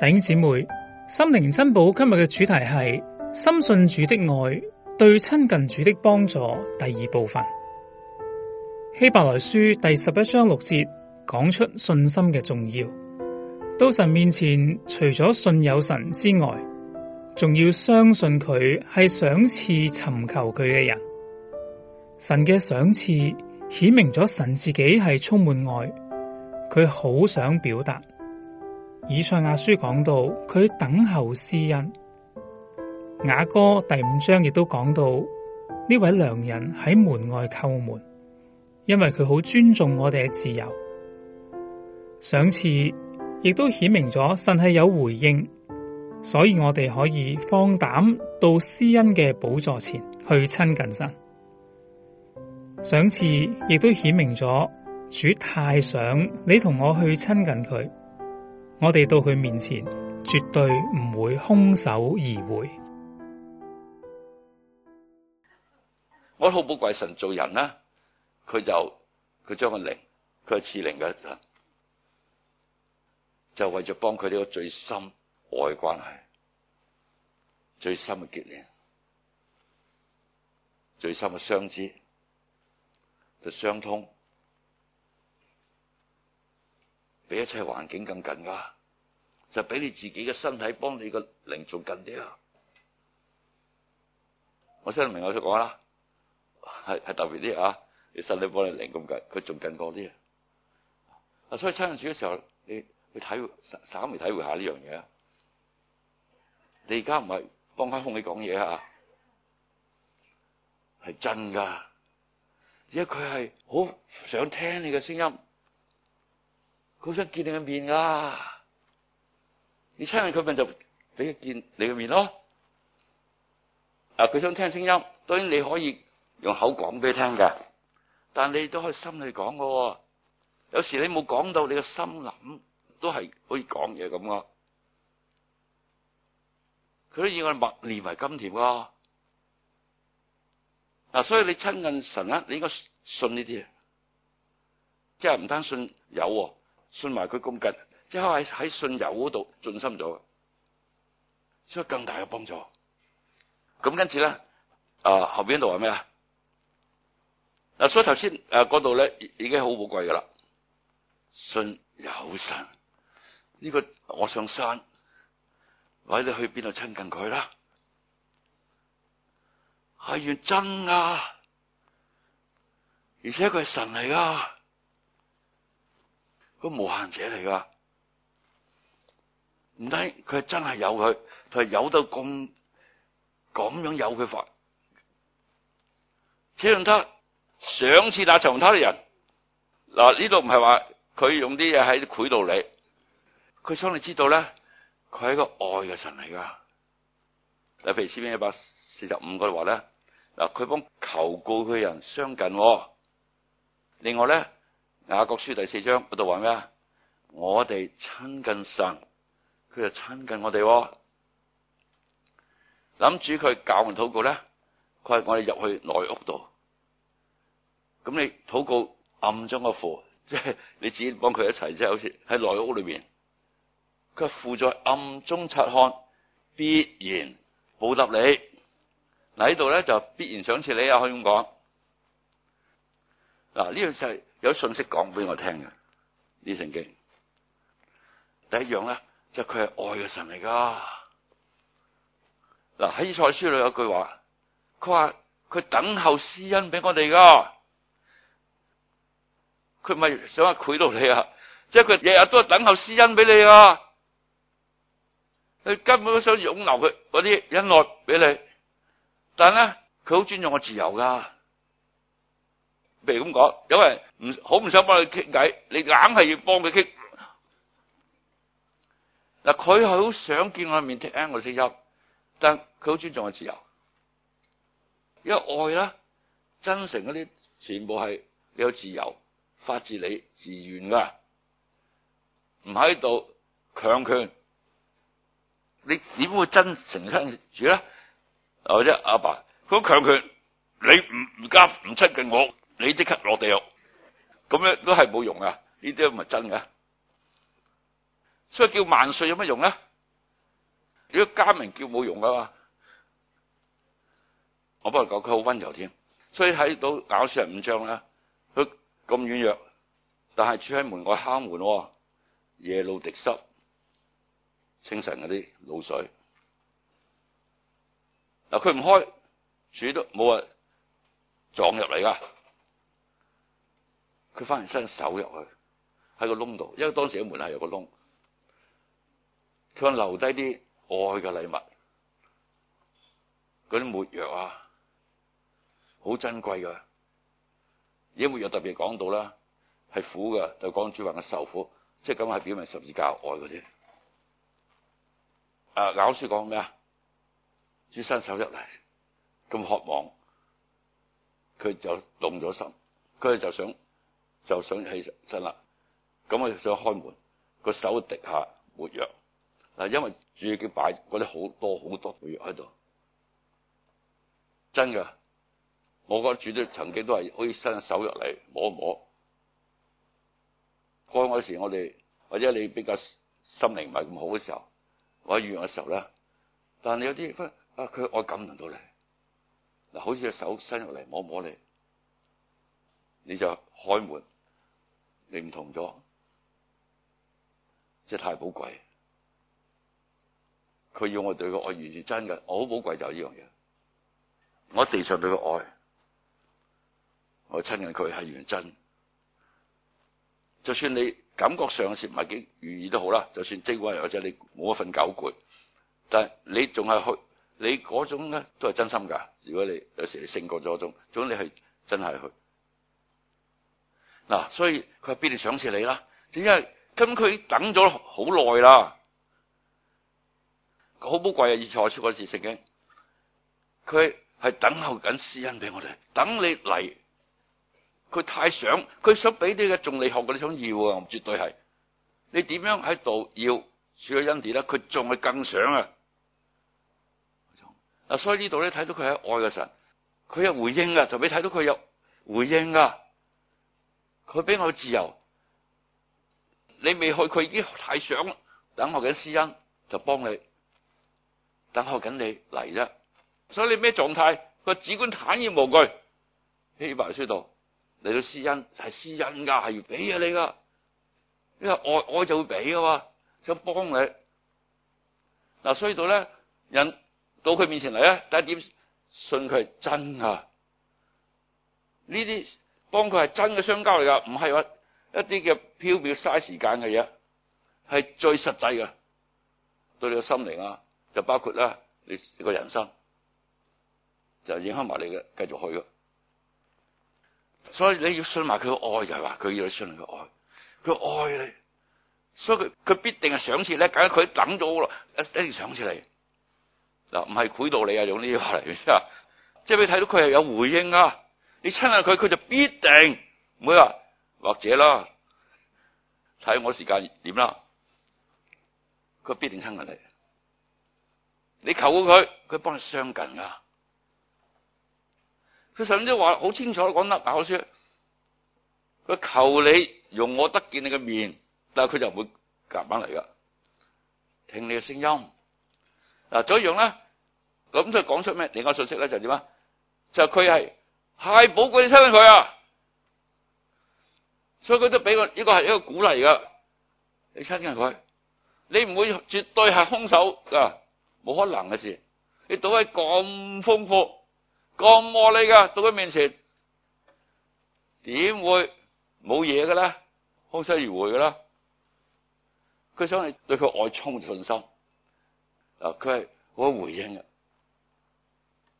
弟兄姊妹，心靈珍寶今日嘅主題係深信主的愛對親近主的幫助第二部分。希伯來書第十一章六節講出信心嘅重要。到神面前，除咗信有神之外，仲要相信佢係賞賜尋求佢嘅人。神嘅賞賜顯明咗神自己係充滿愛，佢好想表達。以賽亞書講到佢等候施恩，雅歌第五章亦都講到呢位良人喺門外叩門，因為佢好尊重我哋嘅自由。上次亦都顯明咗神係有回應，所以我哋可以放膽到施恩嘅寶座前去親近神。上次亦都顯明咗主太想你同我去親近佢。我哋到佢面前，絕對唔會空手而回。我好寶貴神做人啦，佢就佢將個靈，佢係賜靈嘅，就是、為咗幫佢呢個最深愛的關係、最深嘅結連、最深嘅相知就相通。比一切環境更近噶，就俾你自己嘅身體幫你個靈仲近啲啊！我先嚟明白我所講啦，係係特別啲啊！你身體幫你靈咁近，佢仲近過啲啊！所以親近主嘅時候，你你體會稍微體會下呢樣嘢。你而家唔係幫翻空氣講嘢啊，係真㗎，而家佢係好想聽你嘅聲音。佢想見你嘅面噶，你親近佢咪就俾佢見你嘅面咯。嗱，佢想聽聲音，當然你可以用口講俾佢聽嘅，但你都可以心裏講噶。有時你冇講到，你嘅心諗都係可以講嘢咁咯。佢都以我默念為甘甜噶。嗱，所以你親近神啊，你應該信呢啲，即係唔單信有。信埋佢咁近，即刻喺喺信友嗰度盡心咗，所以更大嘅幫助。咁跟住咧，啊後邊嗰度話咩啊？嗱，所以頭先誒嗰度咧已經好寶貴噶啦，信有神，呢個我上山，或者你去邊度親近佢啦？係要真啊，而且佢係神嚟噶。個無限者嚟噶，唔睇佢係真係有佢，佢係有到咁咁樣有佢法，佛。聖塔賞賜那尋求佢嘅人，嗱，呢度唔係話佢用啲嘢喺渠道嚟，佢想你知道咧，佢係一個愛嘅神嚟噶。你譬如詩篇一百四十五句話咧，嗱，佢幫求告佢人相近，另外咧。雅各書第四章嗰度話咩啊？我哋親近神，佢就親近我哋啊。諗住佢教完禱告咧，佢話我哋入去內屋度。咁你禱告暗中個父，即係你自己幫佢一齊，即係好似喺內屋裏邊。佢父在暗中察看，必然報答你。嗱呢度咧就必然賞賜你啊，可以咁講。嗱呢樣就係。有信息講俾我聽嘅呢，聖經第一樣咧，就佢係愛嘅神嚟噶。嗱喺賽書裏有句話，佢話佢等候施恩俾我哋噶，佢咪想賄賂你啊？即係佢日日都係等候施恩俾你啊！你根本都想擁留佢嗰啲恩愛俾你，但係咧佢好尊重我自由噶。譬如咁講，有人唔好唔想幫佢傾偈，你硬係要幫佢傾。嗱，佢係好想見我面聽我聲音，但佢好尊重我自由，因為愛啦、真誠嗰啲全部係你有自由、發自你、自願噶，唔喺度強權，你點會真誠相處咧？或者阿爸，佢好強權你唔唔加唔出嘅我。你即刻落地獄，咁樣都係冇用啊！呢啲唔係真㗎，所以叫萬歲有乜用啊？如果家名叫冇用噶嘛，我不如講佢好溫柔添。所以喺度搞死人五章啦，佢咁軟弱，但係住喺門外敲門，夜露滴濕，清晨嗰啲露水，嗱佢唔開，住都冇話撞入嚟噶。佢返嚟伸手入去喺個窿度，因為當時個門係有個窿。佢話留低啲愛嘅禮物，嗰啲抹藥啊，好珍貴㗎。而啲抹藥特別講到啦，係苦㗎。就講、是、主雲嘅受苦，即係咁係表明十字架愛嗰啲。啊、呃，咬書講咩啊？主伸手入嚟，咁渴望，佢就動咗心，佢就想。就想起身啦，咁我就想開門，個手滴下抹藥，嗱，因為主要佢擺嗰啲好多好多藥喺度，真噶，我覺得主都曾經都係可以伸手入嚟，摸一摸。干嗰時候我，我哋或者你比較心靈唔係咁好嘅時候，或者開藥嘅時候咧，但係有啲啊，佢我感動到你，嗱，好似隻手伸入嚟摸摸你，你就開門。你唔同咗，即係太寶貴。佢要我對佢愛完全真嘅，我好寶貴就係呢樣嘢。我地上對佢愛，我親近佢係完全真。就算你感覺上嘅事唔係幾如意都好啦，就算精微或者你冇一份狗攰，但係你仲係去，你嗰種咧都係真心噶。如果你有時你勝過咗嗰種，總你係真係去。嗱、啊，所以佢必定賞賜你啦，只因咁佢等咗好耐啦，好寶貴啊！要我出嗰次食嘅，佢係等候緊施恩俾我哋，等你嚟。佢太想，佢想俾你嘅仲嚟學嗰啲，想要啊，絕對係。你點樣喺度要處喺恩典咧？佢仲係更想啊。所以呢度咧睇到佢係愛嘅神，佢有回應啊，就俾你睇到佢有回應啊。佢俾我自由，你未去，佢已經太想等我緊施恩，就幫你等候緊你嚟啫。所以你咩狀態，佢只管坦然無懼。希伯來書：嚟到施恩係施恩噶，係俾啊你噶，因為愛愛就會俾噶嘛，想幫你嗱。所以到咧，人到佢面前嚟咧，第一點信佢係真噶？呢啲。幫佢係真嘅相交嚟噶唔係話一啲嘅飄渺嘥時間嘅嘢，係最實際嘅。對你嘅心靈啊，就包括啦，你個人生就影響埋你嘅，繼續去咯。所以你要信埋佢嘅愛，就係話佢要你信佢個愛，佢愛你，所以佢佢必定係賞賜咧。咁佢等咗我一定賞賜你嗱，唔係賄賂你啊！用呢啲話嚟，即係、就是、你睇到佢係有回應啊。你親近佢，佢就必定唔會話或者啦，睇我時間點啦，佢必定親近你。你求佢，佢幫你相近㗎。佢甚至話話好清楚講得，好我書，佢求你容我得見你嘅面，但係佢就唔會夾硬嚟噶。聽你嘅聲音，嗱，再一樣咧，咁佢講出咩？另外信息咧就點啊？就佢係。太寶貴你親佢啊，所以佢都俾個呢個係一個鼓勵噶你親佢，你唔會絕對係空手噶冇可能嘅事。你到喺咁豐富、咁惡劣嘅到佢面前，點會冇嘢嘅咧？空手而回嘅啦。佢想你對佢愛充滿信心，啊，佢係好回應嘅。